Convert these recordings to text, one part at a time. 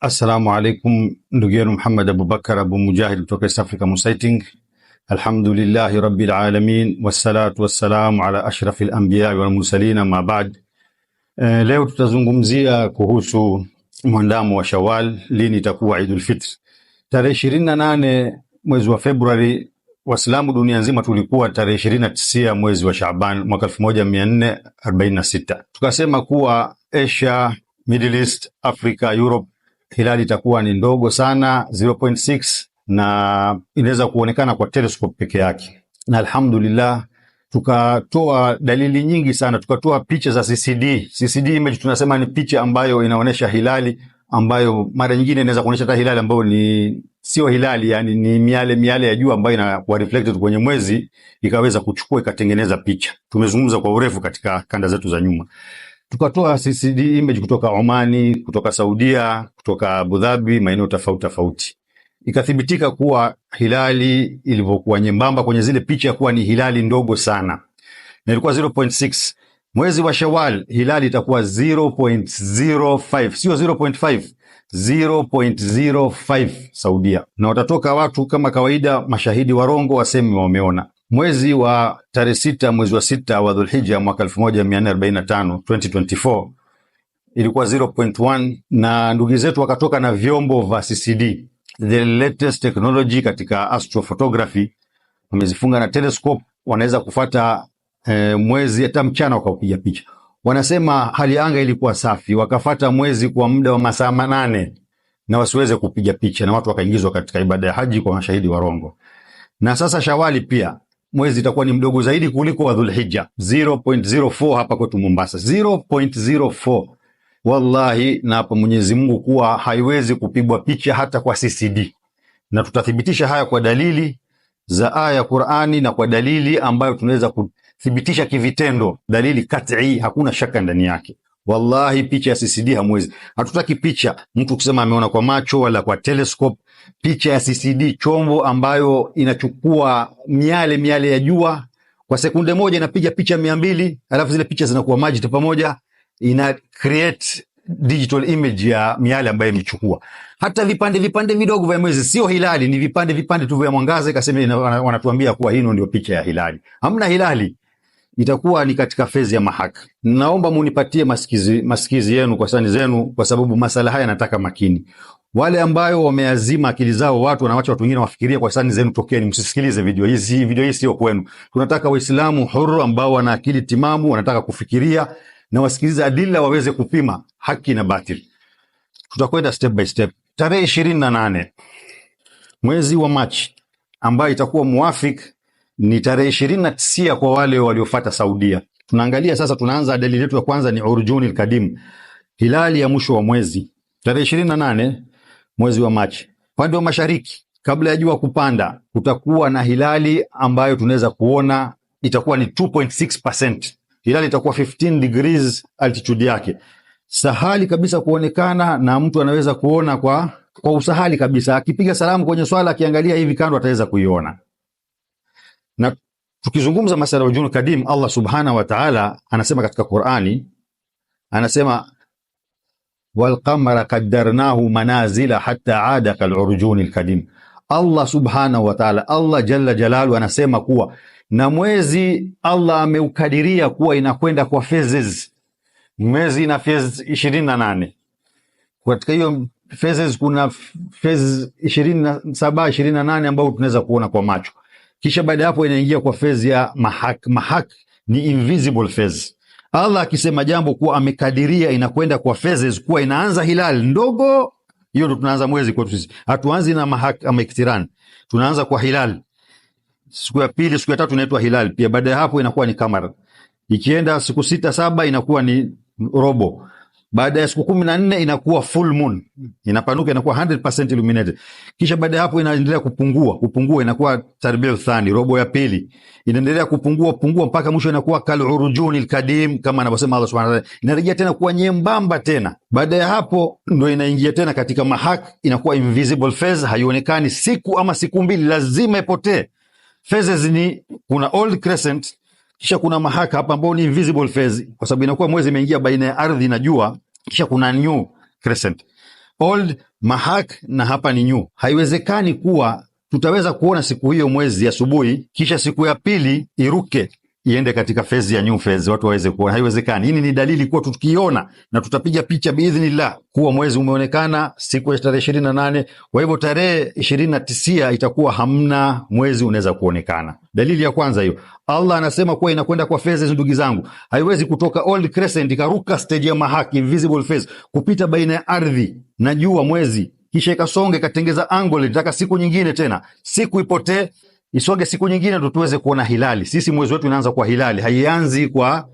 Assalamu alaikum ndugu yenu Muhammad Abubakar Abu Mujahid kutoka East Africa Musaiting. Alhamdulillahi rabbil alamin wassalatu wassalamu ala ashrafil anbiya wal mursalin ma ba'd. E, leo tutazungumzia kuhusu mwandamo wa Shawwal, lini itakuwa Idul Fitr. Tarehe ishirini na nane mwezi wa Februari, Waislamu dunia nzima tulikuwa tarehe ishirini na tisa mwezi wa Shaaban mwaka 1446 tukasema kuwa Asia, Middle East, Africa, Europe hilali itakuwa ni ndogo sana 0.6 na inaweza kuonekana kwa telescope peke yake, na alhamdulillah tukatoa dalili nyingi sana, tukatoa picha za CCD. CCD image tunasema ni picha ambayo inaonyesha hilali ambayo mara nyingine inaweza kuonyesha hata hilali ambayo ni sio hilali, yani ni miale miale ya jua ambayo inakuwa reflected kwenye mwezi, ikaweza kuchukua ikatengeneza picha. Tumezungumza kwa urefu katika kanda zetu za nyuma tukatoa CCD image kutoka Omani, kutoka Saudia, kutoka Abu Dhabi, maeneo tofauti tofauti, ikathibitika kuwa hilali ilivyokuwa nyembamba kwenye zile picha kuwa ni hilali ndogo sana, na ilikuwa 0.6. Mwezi wa Shawal hilali itakuwa 0.05, sio 0.5, 0.05 Saudia, na watatoka watu kama kawaida, mashahidi warongo waseme wameona Mwezi wa tarehe sita mwezi wa sita wa Dhulhija mwaka 1445 2024 ilikuwa 0.1 na ndugu zetu wakatoka na vyombo vya CCD the latest technology katika astrophotography, wamezifunga na telescope, wanaweza kufata e, mwezi hata mchana wakaupiga picha. Wanasema hali ya anga ilikuwa safi, wakafata mwezi kwa muda wa masaa manane na wasiweze kupiga picha, na watu wakaingizwa katika ibada ya haji kwa mashahidi warongo. Na sasa Shawali pia mwezi itakuwa ni mdogo zaidi kuliko wa Dhulhija 0.04 hapa kwetu Mombasa, 0.04. Wallahi, na hapa Mwenyezi Mungu kuwa haiwezi kupigwa picha hata kwa CCD, na tutathibitisha haya kwa dalili za aya ya Qur'ani na kwa dalili ambayo tunaweza kuthibitisha kivitendo, dalili kat'i, hakuna shaka ndani yake. Wallahi, picha ya CCD hamwezi, hatutaki picha mtu kusema ameona kwa macho wala kwa telescope picha ya CCD, chombo ambayo inachukua miale miale ya jua kwa sekunde moja, inapiga picha mia mbili alafu zile picha zinakuwa maji tu pamoja, ina create digital image ya miale ambayo imechukua. Hata vipande vipande vidogo vya mwezi, sio hilali, ni vipande vipande tu vya mwangaza. Ikasema wanatuambia kuwa hino ndio picha ya hilali. Hamna hilali, itakuwa ni katika fezi ya mahaka. Naomba munipatie masikizi, masikizi yenu kwa sani zenu, kwa sababu masala haya nataka makini. Wale ambayo wameazima akili zao watu wanawacha watu wengine wafikirie kwa hisani zenu, tokeni, msisikilize video hizi. Video hii sio kwenu. Tunataka Waislamu huru ambao wana akili timamu, wanataka kufikiria na wasikilize adila, waweze kupima haki na batili. Tutakwenda step by step. Tarehe ishirini na nane mwezi wa Machi ambayo itakuwa muafik ni tarehe ishirini na tisia kwa wale waliofata Saudia. Tunaangalia sasa, tunaanza dalili yetu ya kwanza ni urjuni lkadim, hilali ya mwisho wa mwezi tarehe ishirini na nane mwezi wa Machi. Upande wa mashariki, kabla ya jua kupanda, kutakuwa na hilali ambayo tunaweza kuona itakuwa ni 2.6%. Hilali itakuwa 15 degrees altitude yake, sahali kabisa kuonekana na mtu anaweza kuona kwa, kwa usahali kabisa, akipiga salamu kwenye swala, akiangalia hivi kando ataweza kuiona. Na tukizungumza masala ya Kadim, Allah subhanahu wa ta'ala anasema katika Qur'ani, anasema walqamara qaddarnahu manazila hatta ada kalurjuni lkadim. Allah subhanahu wa taala, Allah jalla jalalu anasema kuwa na mwezi Allah ameukadiria kuwa inakwenda kwa phases. Mwezi ina phases ishirini na nane. Katika hiyo phases kuna phases ishirini na saba ishirini na nane ambayo tunaweza kuona kwa macho, kisha baada ya hapo inaingia kwa phase ya mahak. Mahak ni invisible phase Allah akisema jambo kuwa amekadiria inakwenda kwa phases, kuwa inaanza hilali ndogo, hiyo ndo tunaanza mwezi kwetu sisi. Hatuanzi na iktiran, tunaanza kwa hilali. Siku ya pili, siku ya tatu inaitwa hilali pia. Baada ya hapo inakuwa ni kamar, ikienda siku sita saba inakuwa ni robo baada ya siku kumi na nne inakuwa full moon, inapanuka inakuwa 100% illuminated. Kisha baada ya hapo inaendelea kupungua kupungua, inakuwa tarbia thani, robo ya pili, inaendelea kupungua pungua mpaka mwisho inakuwa kal urujuni alqadim, kama anavyosema Allah subhanahu wa ta'ala, inarejea tena kuwa nyembamba tena. Baada ya hapo ndo inaingia tena katika mahak, inakuwa invisible phase, haionekani. Siku ama siku mbili lazima ipotee. Phases ni kuna old crescent kisha kuna mahaka hapa ambao ni invisible phase, kwa sababu inakuwa mwezi imeingia baina ya ardhi na jua. Kisha kuna new crescent, old mahak na hapa ni new. Haiwezekani kuwa tutaweza kuona siku hiyo mwezi asubuhi, kisha siku ya pili iruke iende katika fezi ya new fezi, watu waweze kuona. Haiwezekani. Hii ni dalili kuwa tukiona na tutapiga picha biidhnillah kuwa mwezi umeonekana siku ya tarehe ishirini na nane. Kwa hivyo tarehe ishirini na tisia itakuwa hamna mwezi unaweza kuonekana. Dalili ya kwanza hiyo. Allah anasema kuwa inakwenda kwa phases, ndugu zangu, haiwezi kutoka old crescent ikaruka stage ya mahaki invisible phase, kupita baina ya ardhi na jua mwezi, kisha ikasonga ikatengeza angle, nataka siku nyingine tena, siku ipotee Isoge siku nyingine ndo tuweze kuona hilali. Sisi mwezi wetu inaanza kwa hilali, haianzi kwa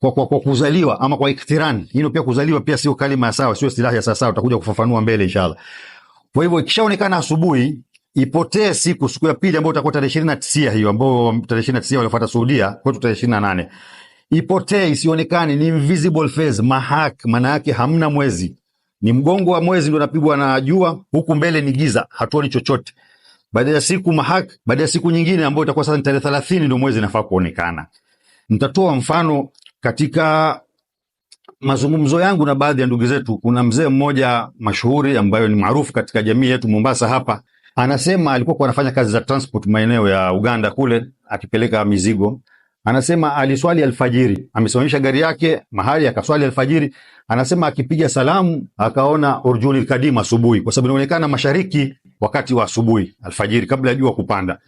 kwa, kwa, kwa kuzaliwa ama kwa iktiran. Hino pia kuzaliwa pia sio kalima ya sawa, sio silaha ya sawa, utakuja kufafanua mbele inshallah. Kwa hivyo ikishaonekana asubuhi ipotee siku, siku ya pili ambayo itakuwa tarehe 29 hiyo ambayo tarehe 29 waliofuata Saudia kwetu tarehe 28 ipotee, isionekane, ni invisible phase mahak, maana yake hamna mwezi, ni mgongo wa mwezi ndio unapigwa na jua, huku mbele ni giza, hatuoni chochote baada ya siku mahak, baada ya siku nyingine ambayo itakuwa sasa ni tarehe 30 ndio mwezi inafaa kuonekana. Nitatoa mfano katika mazungumzo yangu na baadhi ya ndugu zetu. Kuna mzee mmoja mashuhuri ambayo ni maarufu katika jamii yetu Mombasa hapa, anasema alikuwa anafanya kazi za transport maeneo ya Uganda kule, akipeleka mizigo. Anasema aliswali alfajiri, amesimamisha gari yake mahali akaswali alfajiri. Anasema akipiga salamu akaona urjuli kadima asubuhi, kwa sababu inaonekana mashariki wakati wa asubuhi alfajiri, kabla ya jua kupanda.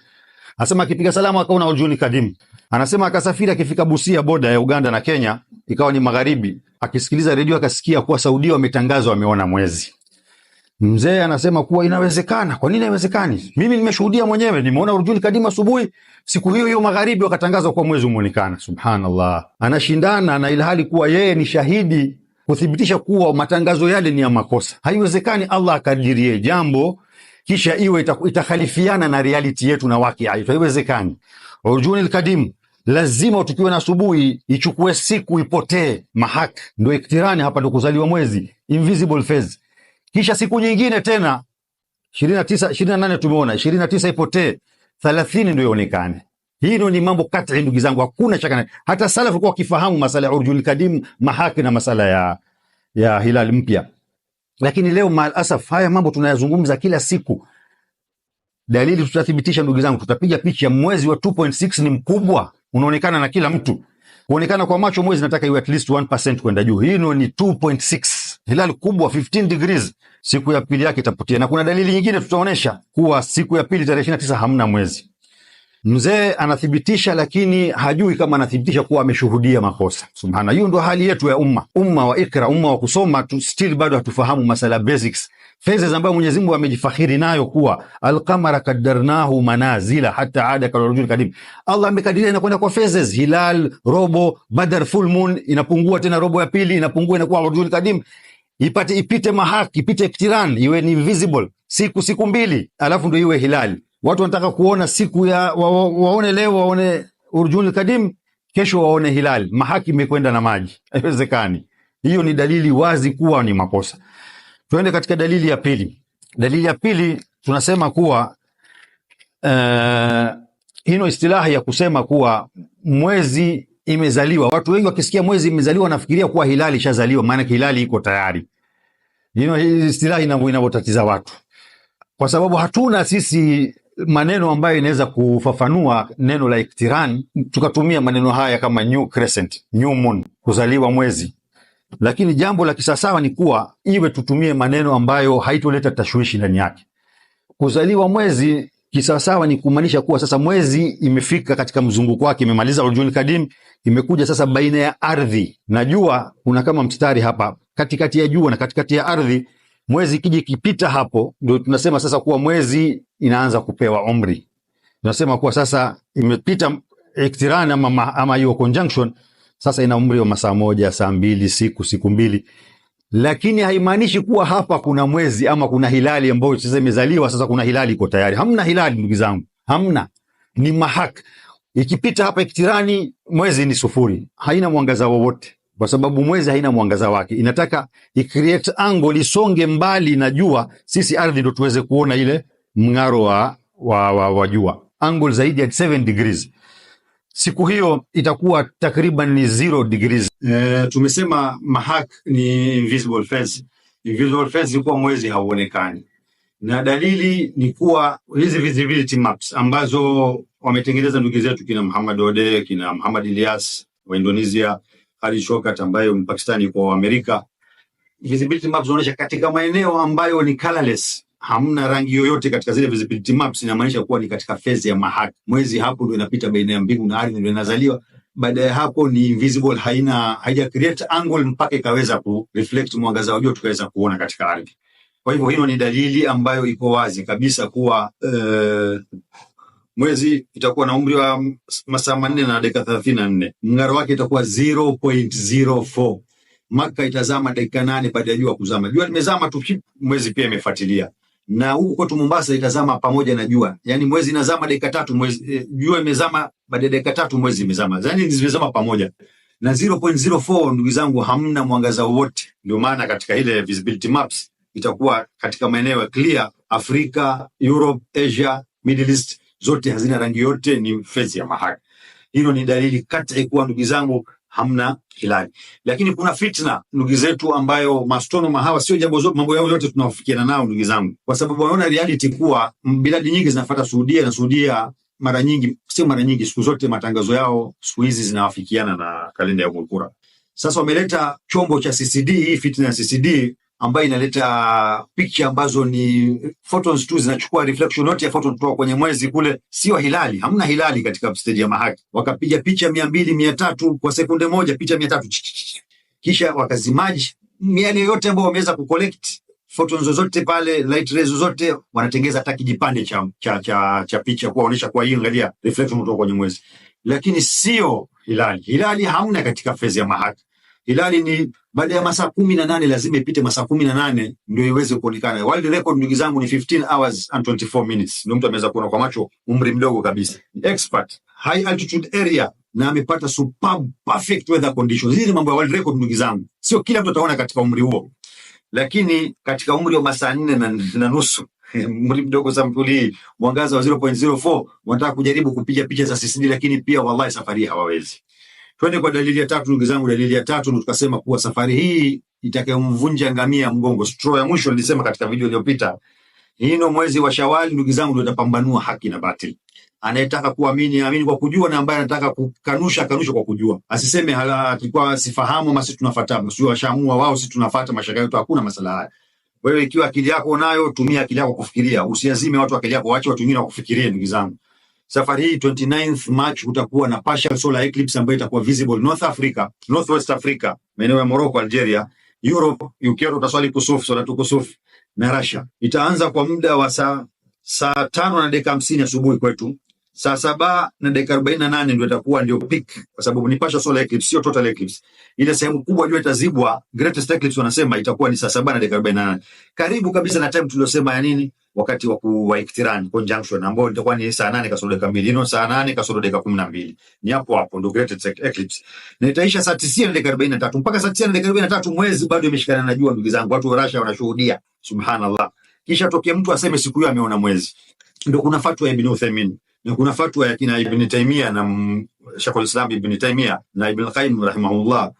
Anasema akipiga salamu akaona ujuni Kadim. Anasema akasafiri, akifika Busia, boda ya Uganda na Kenya, ikawa ni magharibi, akisikiliza redio akasikia kuwa Saudia wametangazwa wameona mwezi. Mzee anasema kuwa inawezekana. Kwa nini haiwezekani? Mimi nimeshuhudia mwenyewe, nimeona urjuli kadima asubuhi, siku hiyo hiyo magharibi wakatangazwa kuwa mwezi umeonekana. Subhanallah, anashindana na ilhali kuwa yeye ni shahidi kuthibitisha kuwa matangazo yale ni ya makosa. Haiwezekani Allah akadirie jambo kisha iwe itakhalifiana na reality yetu na wakia yetu, haiwezekani. Urjuni alqadim, lazima tukiwe na asubuhi ichukue siku ipotee. Mahak ndo iktirani hapa, ndo kuzaliwa mwezi, invisible phase. Kisha siku nyingine tena 29 28, tumeona 29 ipotee, 30 ndio ionekane. ndo ni mambo kat'i, ndugu zangu, hakuna shaka. Hata salafu walikuwa wakifahamu masala ya urjul kadim, mahaki na masala ya ya hilal mpya. Lakini leo maalasaf, haya mambo tunayazungumza kila siku, dalili tutathibitisha. Ndugu zangu, tutapiga picha. Mwezi wa 2.6 ni mkubwa, unaonekana na kila mtu, kuonekana kwa macho mwezi nataka iwe at least 1% kwenda juu. Hii ni 2.6, hilali kubwa 15 degrees. Siku ya pili yake itapotea, na kuna dalili nyingine tutaonesha kuwa siku ya pili tarehe 29 hamna mwezi. Mzee anathibitisha lakini hajui kama anathibitisha kuwa ameshuhudia makosa. Subhana, hiyo ndo hali yetu ya umma, umma wa ikra, umma wa kusoma tu, still bado hatufahamu masala basics phases ambayo Mwenyezi Mungu amejifakhiri nayo kuwa alqamara kadarnahu manazila hata ada kalrajul kadim. Allah amekadiria inakwenda kwa phases, hilal, robo, badar, full moon, inapungua tena robo ya pili inapungua, inakuwa rujul kadim, ipate ipite mahaki, ipite iktiran, iwe ni visible siku siku mbili, alafu ndio iwe hilali Watu wanataka kuona siku ya wa, wa, waone leo waone urjunul kadim, kesho waone hilal Mahaki imekwenda na maji, haiwezekani. Hiyo ni dalili wazi kuwa ni makosa. Tuende katika dalili ya pili. Dalili ya pili tunasema kuwa uh, hino istilahi ya kusema kuwa mwezi imezaliwa. Watu wengi wakisikia mwezi imezaliwa wanafikiria kuwa hilali ishazaliwa, maanake hilali iko tayari. Hino istilahi inavyotatiza watu, kwa sababu hatuna sisi maneno ambayo inaweza kufafanua neno la iktiran, tukatumia maneno haya kama new crescent, new moon, kuzaliwa mwezi. Lakini jambo la kisasawa ni kuwa iwe tutumie maneno ambayo haitoleta tashwishi ndani yake. Kuzaliwa mwezi kisawasawa ni kumaanisha kuwa sasa mwezi imefika katika mzunguko wake, imemaliza urjuni kadim, imekuja sasa baina ya ardhi na jua. Kuna kama mstari hapa katikati ya jua na katikati ya ardhi Mwezi kija ikipita hapo, ndio tunasema sasa kuwa mwezi inaanza kupewa umri. Tunasema kuwa sasa imepita iktirani ama ama hiyo conjunction, sasa ina umri wa masaa moja, saa mbili, siku siku mbili, lakini haimaanishi kuwa hapa kuna mwezi ama kuna hilali ambayo sasa imezaliwa. Sasa kuna hilali iko tayari. Hamna hilali, ndugu zangu, hamna, ni mahak. Ikipita hapa iktirani, mwezi ni sufuri, haina mwangaza wowote kwa sababu mwezi haina mwangaza wake, inataka icreate angle isonge mbali na jua, sisi ardhi ndo tuweze kuona ile mng'aro wa, wa, wa, wa jua angle zaidi ya 7 degrees. Siku hiyo itakuwa takriban ni 0 degrees. E, tumesema mahak ni invisible phase. Invisible phase ni kuwa mwezi hauonekani, na dalili ni kuwa hizi visibility maps ambazo wametengeneza ndugu zetu kina Muhammad Ode kina Muhammad Ilyas wa Indonesia Khalid Shokat ambaye Mpakistani kwa Amerika. Visibility maps zinaonyesha katika maeneo ambayo ni colorless, hamna rangi yoyote katika zile visibility maps, inamaanisha kuwa ni katika phase ya mahak. Mwezi hapo ndio inapita baina ya mbingu na ardhi, ndio inazaliwa baada ya hapo ni invisible, haina haija create angle mpaka ikaweza ku reflect mwangaza wa jua tukaweza kuona katika ardhi. Kwa hivyo hino ni dalili ambayo iko wazi kabisa kuwa uh, mwezi itakuwa na umri wa masaa manne na dakika thelathini na nne mng'aro wake itakuwa 0.04 Maka itazama dakika nane baada ya jua kuzama. Jua limezama tu, mwezi pia imefuatilia, na huku kwetu Mombasa itazama pamoja na jua, yani mwezi inazama dakika tatu, mwezi e, jua imezama baada ya dakika tatu, mwezi imezama, yani zimezama pamoja na 0.04. Ndugu zangu, hamna mwangaza wowote, ndio maana katika ile visibility maps itakuwa katika maeneo ya clear Afrika, Europe, Asia, Middle East zote hazina rangi, yote ni fezi ya mahali. Hilo ni dalili kati kuwa, ndugu zangu, hamna hilali. Lakini kuna fitna ndugu zetu, ambayo mastono mahawa sio jambo zote, mambo yao yote tunawafikiana nao ndugu zangu, kwa sababu wanaona reality kuwa biladi nyingi zinafuata Saudia na Saudia mara nyingi, sio mara nyingi, siku zote matangazo yao siku hizi zinawafikiana na kalenda ya Umul Sasa wameleta chombo cha CCD, hii fitna ya CCD ambayo inaleta picha ambazo ni photons tu, zinachukua reflection yote ya photon kutoka kwenye mwezi kule. Sio hilali, hamna hilali katika stage ya mahaki. Wakapiga picha mia mbili mia tatu kwa sekunde moja, picha mia tatu kisha wakazimaji miale yote ambayo wameweza kucollect photons zozote pale, light rays zozote, wanatengeza hata kijipande cha, cha, cha, cha picha kuwaonyesha, kwa hiyo angalia reflection kutoka kwenye mwezi, lakini sio hilali. Hilali hamna katika phase ya mahaki. Hilali ni baada ya masaa kumi na nane lazima ipite masaa kumi na nane ndio iweze kuonekana. World record ndugu zangu ni 15 hours and 24 minutes, ndio mtu ameweza kuona kwa macho, umri mdogo kabisa. Expert high altitude area na amepata superb perfect weather conditions. Hizi ni mambo ya world record ndugu zangu, sio kila mtu ataona katika umri huo, lakini katika umri wa masaa nne na na nusu mri mdogo sampuli hii, mwangaza wa 0.04 wanataka kujaribu kupiga picha za CCD, lakini pia wallahi safari hawawezi. Twende kwa dalili ya tatu, ndugu zangu. Dalili ya tatu ndo tukasema kuwa safari hii itakayomvunja ngamia mgongo. Straw ya mwisho nilisema katika video iliyopita, hino mwezi wa Shawali, ndugu zangu, ndio itapambanua haki na batili. Anayetaka kuamini amini kwa kujua, na ambaye anataka kukanusha kanusha kwa kujua, asiseme hala alikuwa sifahamu, masi tunafuata, sio washamua wao, sisi tunafuata mashaka yetu. Hakuna masala haya. Wewe ikiwa akili yako unayo, tumia akili yako kufikiria, usiazime watu akili yako, waache watu wengine wakufikirie, ndugu zangu. Safari hii 29th March kutakuwa na partial solar eclipse ambayo itakuwa visible North Africa, Northwest Africa, maeneo ya Morocco, Algeria, Europe, UK, utaswali kusufu tu kusufu na Russia. Itaanza kwa muda wa saa saa tano na dakika hamsini asubuhi kwetu, saa saba na dakika arobaini na nane ndio itakuwa ndio peak, kwa sababu ni partial solar eclipse, sio total eclipse. Ile sehemu kubwa jua itazibwa, greatest eclipse wanasema itakuwa ni saa saba na dakika arobaini na nane karibu kabisa na time tuliyosema ya nini wakati wa kuwaiktiran conjunction ambao itakuwa ni saa nane kasoro dakika mbili ino saa nane kasoro dakika kumi na mbili ni hapo hapo ndo greatest eclipse, na itaisha saa tisia na dakika arobaini na tatu mpaka saa tisia na dakika arobaini na tatu mwezi bado imeshikana na jua. Ndugu zangu, watu wa rasha wanashuhudia, subhanallah. Kisha tokea mtu aseme siku hiyo ameona mwezi. ndo kuna fatwa ya Ibn uthaimin na kuna fatwa ya kina Ibn taimia na Shaykhul Islam Ibn taimia na Ibn Qayyim rahimahullah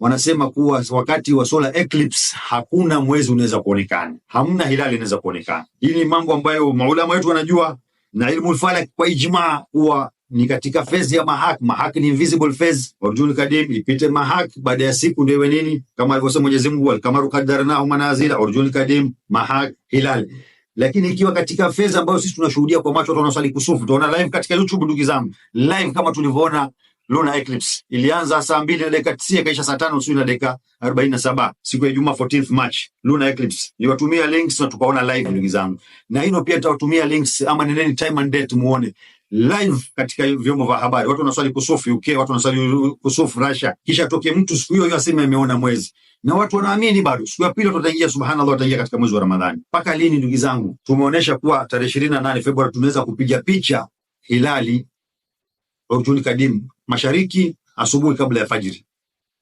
wanasema kuwa wakati wa solar eclipse hakuna mwezi unaweza kuonekana, hamna hilali inaweza kuonekana. Hii ni mambo ambayo maulama wetu wanajua na ilmu falak kwa ijmaa kuwa ni katika phase ya mahak. Mahak ni invisible phase, warjuni kadim ipite mahak, baada ya siku ndio iwe nini, kama alivyosema Mwenyezi Mungu, alkamaru kadarnahu manazila, warjuni kadim mahak hilal. Lakini ikiwa katika phase ambayo sisi tunashuhudia kwa macho, watu wanasali kusufu, tunaona live katika YouTube, ndugu zangu, live kama tulivyoona Lunar eclipse ilianza saa mbili na dakika tisa ikaisha saa tano usiku na dakika arobaini na saba siku ya Ijumaa 14th March, lunar eclipse. Niwatumia links na tukaona live ndugu zangu, na hino pia tawatumia links, ama nendeni time and date muone live katika vyombo vya habari. Watu wanaswali kusufu UK, watu wanaswali kusufu Russia, kisha toke mtu siku hiyo hiyo aseme ameona mwezi na watu wanaamini bado. Siku ya pili watu wataingia, subhanallah, wataingia katika mwezi wa Ramadhani. Mpaka lini ndugu zangu? Tumeonyesha kuwa tarehe 28 Februari tunaweza kupiga picha hilali wakituuni kadimu mashariki asubuhi kabla ya fajiri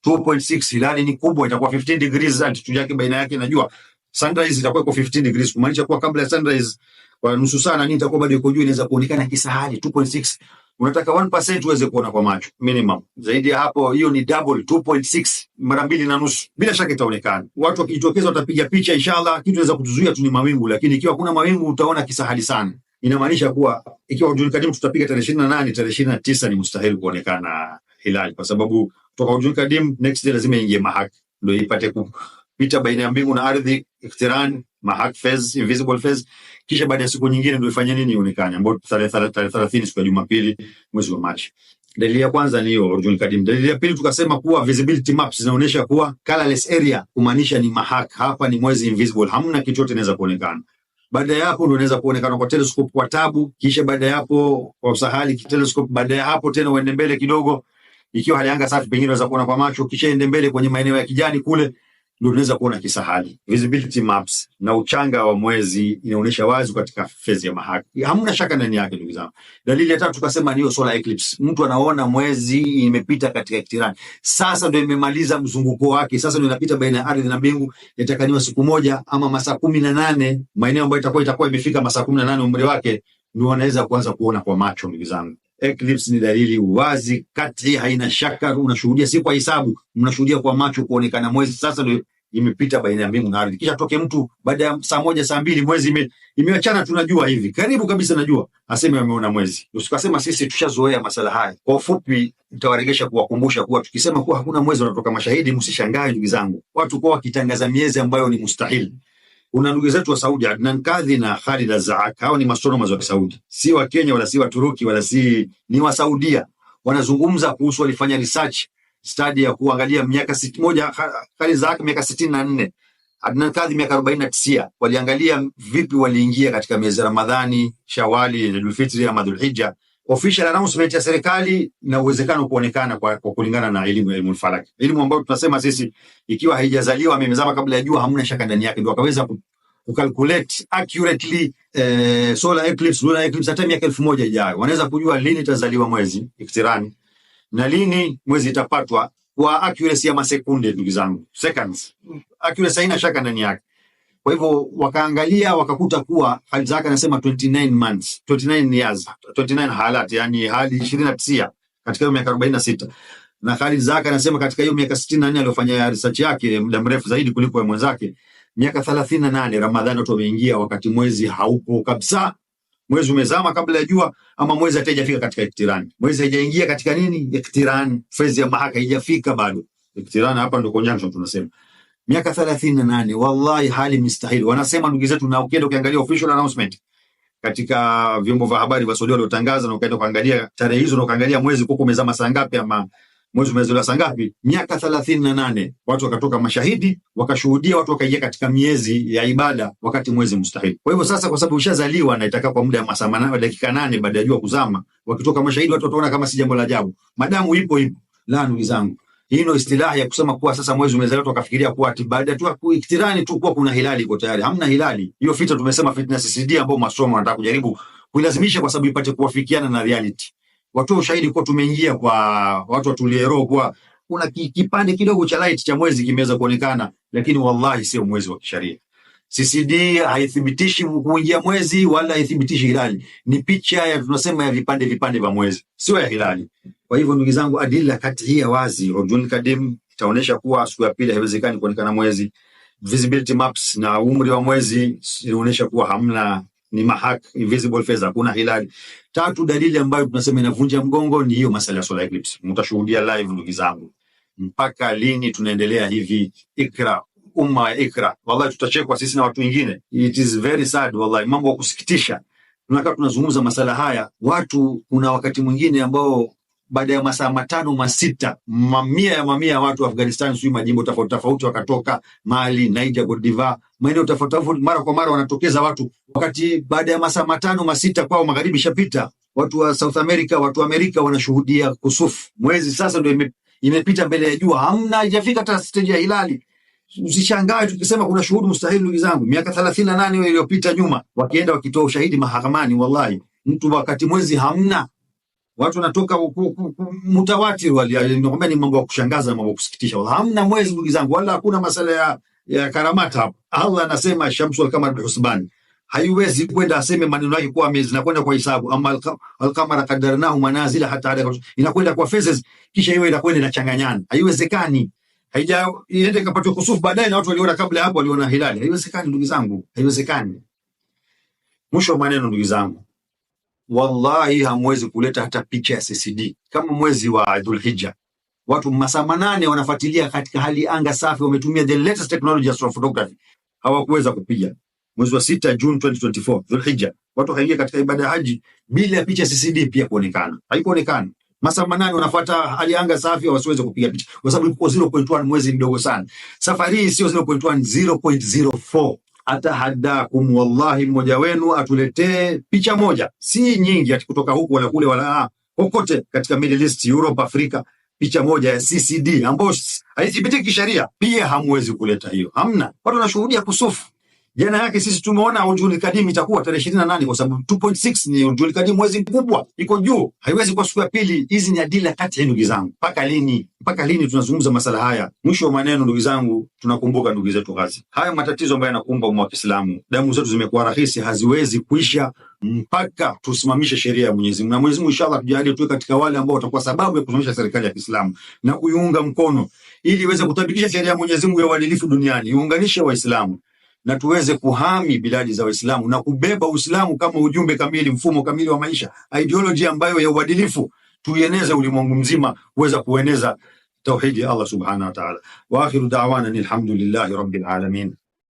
2.6 ilani ni kubwa, itakuwa 15 degrees altitude yake baina yake na jua. Sunrise itakuwa iko 15 degrees, kumaanisha kuwa kabla ya sunrise kwa nusu saa na nini itakuwa bado iko juu, inaweza kuonekana kisahali. 2.6 unataka 1% uweze kuona kwa macho minimum, zaidi ya hapo hiyo ni double 2.6, mara mbili na nusu. Bila shaka itaonekana, watu wakijitokeza watapiga picha, inshallah. Kitu inaweza kutuzuia tu ni mawingu, lakini ikiwa kuna mawingu utaona kisahali sana inamaanisha kuwa ikiwa hujulikani mtu tutapiga tarehe ishirini na nane tarehe ishirini na tisa ni mustahili kuonekana hilali, kwa sababu toka hujulikani next day lazima ingie mahak ndo ipate kupita baina ya mbingu na ardhi, ikhtiran mahak phase, invisible phase, kisha baada ya siku nyingine ndo ifanye nini ionekane, ambao tarehe thelathini siku ya Jumapili mwezi wa Machi. Dalili ya kwanza ni hiyo urjun kadim. Dalili ya pili tukasema kuwa visibility maps zinaonyesha kuwa colorless area, kumaanisha ni mahak hapa, ni mwezi invisible, hamna kitu chote inaweza kuonekana. Baada ya hapo ndo unaweza kuonekana kwa telescope kwa tabu, kisha baada ya hapo kwa usahali kwa Baada ya hapo tena uende mbele kidogo, ikiwa hali anga safi, pengine unaweza kuona kwa macho, kisha ende mbele kwenye maeneo ya kijani kule ndio tunaweza kuona kisahali. Visibility maps na uchanga wa mwezi inaonyesha wazi katika fezi ya mahaka, hamna shaka ndani yake, ndugu zangu. Dalili ya tatu tukasema ni solar eclipse, mtu anaona mwezi imepita katika kitirani, sasa ndio imemaliza mzunguko wake, sasa ndio inapita baina ya ardhi na mbingu. Yatakaniwa siku moja ama masaa kumi na nane maeneo ambayo itakuwa itakuwa imefika masaa kumi na nane umri wake, ndio wanaweza kuanza kuona kwa macho, ndugu zangu. Eclipse ni dalili wazi kati, haina shaka. Unashuhudia si kwa hisabu, mnashuhudia kwa macho kuonekana mwezi. Sasa ndio imepita baina ya mbingu na ardhi, kisha toke mtu baada ya saa moja saa mbili mwezi ime, imeachana. Tunajua hivi karibu kabisa, najua aseme ameona mwezi. Usikasema sisi tushazoea masala haya. Kwa ufupi, nitawaregesha kuwakumbusha kuwa tukisema kuwa hakuna mwezi unatoka mashahidi, msishangae ndugu zangu, watu kwa wakitangaza miezi ambayo ni mustahili kuna ndugu zetu wa Saudi, Adnan Kadhi na Khalid Azak, hao ni masonomas wa Saudi, si wa Kenya wala si wa Turuki wala si, ni wa Saudia. Wanazungumza kuhusu, walifanya research study ya kuangalia miaka moja, Khalid Azak miaka sitini na nne Adnan Kadhi miaka arobaini na tisa Waliangalia vipi waliingia katika miezi Ramadhani, Shawali, Idul Fitri ama official announcement ya serikali na uwezekano kuonekana kwa, kwa kulingana na elimu ya ilmul falak, elimu ambayo tunasema sisi ikiwa haijazaliwa amemezama kabla ya jua, hamna shaka ndani yake, ndio akaweza kucalculate accurately eh, solar eclipse, lunar eclipse. Hata miaka elfu moja ijayo wanaweza kujua lini itazaliwa mwezi ikitirani na lini mwezi itapatwa kwa accuracy ya masekunde. Ndugu zangu, seconds, accuracy haina shaka ndani yake. Kwa hivyo wakaangalia wakakuta kuwa hali zake anasema 29 months, 29 years, 29 halat, yani hali 29 katika hiyo miaka 46 na hali zake anasema katika hiyo miaka 64 aliyofanya research yake muda mrefu zaidi kuliko ya mwenzake, miaka 38 Ramadhani watu wameingia wakati mwezi haupo kabisa, mwezi umezama kabla ya jua, ama mwezi hata haijafika katika iktirani, mwezi haijaingia katika nini iktirani, phase ya mahaka haijafika bado. Iktirani hapa ndio conjunction tunasema miaka thelathini na nane wallahi, hali mistahili, wanasema ndugu zetu. Na ukienda ukiangalia official announcement katika vyombo vya habari vya Saudi waliotangaza, na ukaenda kuangalia tarehe hizo na ukaangalia mwezi kuko umezama saa ngapi, ama mwezi umezama saa ngapi, miaka thelathini na nane watu wakatoka mashahidi, wakashuhudia, watu wakaingia katika miezi ya ibada, wakati mwezi mustahili. Kwa hivyo sasa, kwa sababu ushazaliwa na itakaa kwa muda wa masaa manane dakika nane baada ya jua kuzama, wakitoka mashahidi watu wataona kama si jambo la ajabu, madamu ipo ipo. La, ndugu zangu hii istilahi ya kusema kuwa sasa mwezi umezaliwa, tukafikiria kuwa ati baada tu ya kuiktirani tu kuwa kuna hilali iko tayari. Hamna hilali hiyo. Fitna tumesema fitna CCD, ambao masomo wanataka kujaribu kuilazimisha kwa sababu ipate kuwafikiana na reality. Watu ushahidi kuwa tumeingia kwa watu watulie roho kuwa kuna kipande kidogo cha light cha mwezi kimeweza kuonekana, lakini wallahi sio mwezi wa kisharia. CCD haithibitishi kuingia mwezi wala haithibitishi hilali, ni picha ya tunasema ya vipande vipande vya mwezi, sio ya hilali. Kwa hivyo ndugu zangu, adila kati hii ya wazi Rujun Kadim itaonyesha kuwa siku ya pili haiwezekani kuonekana mwezi. Visibility maps na umri wa mwezi inaonyesha kuwa hamna, ni mahak invisible phase, hakuna hilali. Tatu, dalili ambayo tunasema inavunja mgongo ni hiyo masala ya solar eclipse. Mtashuhudia live ndugu zangu. Mpaka lini tunaendelea hivi? Ikra umma ya Iqra, wallahi tutachekwa sisi na watu wengine. It is very sad, wallahi, mambo ya kusikitisha. Tunakaa tunazungumza masala haya, watu kuna wakati mwingine ambao baada ya masaa matano masita, mamia ya mamia ya watu wa Afghanistan, sijui majimbo tofauti tofauti, wakatoka Mali, Niger, Bordiva, maeneo tofauti tofauti, mara kwa mara wanatokeza watu, wakati baada ya masaa matano masita kwao magharibi shapita. Watu wa South America, watu wa Amerika wanashuhudia kusufu mwezi sasa, ndio imepita mbele ya jua, hamna haijafika hata stage ya hilali. Usishangae tukisema kuna shuhudi mustahili. Ndugu zangu, miaka thelathini na nane iliyopita nyuma, wakienda wakitoa ushahidi mahakamani, wallahi mtu wakati mwezi hamna, watu wanatoka mutawatir, waliambia ni mambo ya kushangaza, mambo ya kusikitisha. Wallahi Hamna mwezi ndugu zangu, wala hakuna masala ya, ya karamata hapo. Allah anasema shamsu wal qamar bihusban, haiwezi kwenda aseme maneno yake kuwa miezi inakwenda kwa hisabu. Ama alqamara qadarnahu manazila hata, ada, inakwenda kwa phases, kisha hiyo inakwenda inachanganyana, haiwezekani haijaenda ikapata kusufu baadaye na watu waliona kabla hapo waliona hilali. Haiwezekani ndugu zangu, haiwezekani. Mwisho wa maneno ndugu zangu, wallahi hamwezi kuleta hata picha ya CCD kama mwezi wa Dhulhijja watu masaa manane wanafuatilia katika hali anga safi, wametumia the latest technology ya photography, hawakuweza kupiga. Mwezi wa sita June 2024 Dhulhijja, watu haingia katika ibada ya haji bila picha CCD pia kuonekana, haikuonekana masaa manane wanafuata hali anga safi, wasiweze kupiga picha kwa sababu ilikuwa 0.1 mwezi mdogo sana. Safari hii sio 0.1, 0.04 Hata atahadakum wallahi, mmoja wenu atuletee picha moja, si nyingi, ati kutoka huku wala kule wala ah, kokote katika Middle East, Europe, Afrika, picha moja ya CCD ambayo haithibitiki kisheria, pia hamwezi kuleta hiyo, hamna. Watu wanashuhudia kusufu Jana yake sisi tumeona Ujul Kadim itakuwa tarehe ishirini na nane kwa sababu 2.6 ni Ujul Kadim, mwezi mkubwa, iko juu, haiwezi kuwa siku ya pili. Hizi ni adila kati ya ndugu zangu. Mpaka lini? Mpaka lini tunazungumza masala haya? Mwisho wa maneno, ndugu zangu, tunakumbuka ndugu zetu Ghazi. Haya matatizo ambayo yanakumba umma wa Kiislamu, damu zetu zimekuwa rahisi, haziwezi kuisha mpaka tusimamishe sheria ya Mwenyezi Mungu. Na Mwenyezi Mungu inshallah tujalie tuwe katika wale ambao watakuwa sababu ya kusimamisha serikali ya Kiislamu na kuiunga mkono ili iweze kutabikisha sheria ya Mwenyezi Mungu ya uadilifu duniani, iunganishe Waislamu na tuweze kuhami biladi za Waislamu na kubeba Uislamu kama ujumbe kamili, mfumo kamili wa maisha, ideology ambayo ya uadilifu tuieneze ulimwengu mzima kuweza kueneza tauhidi ya Allah subhanahu wa ta'ala. Wa akhiru da'wana alhamdulillahi rabbil alamin.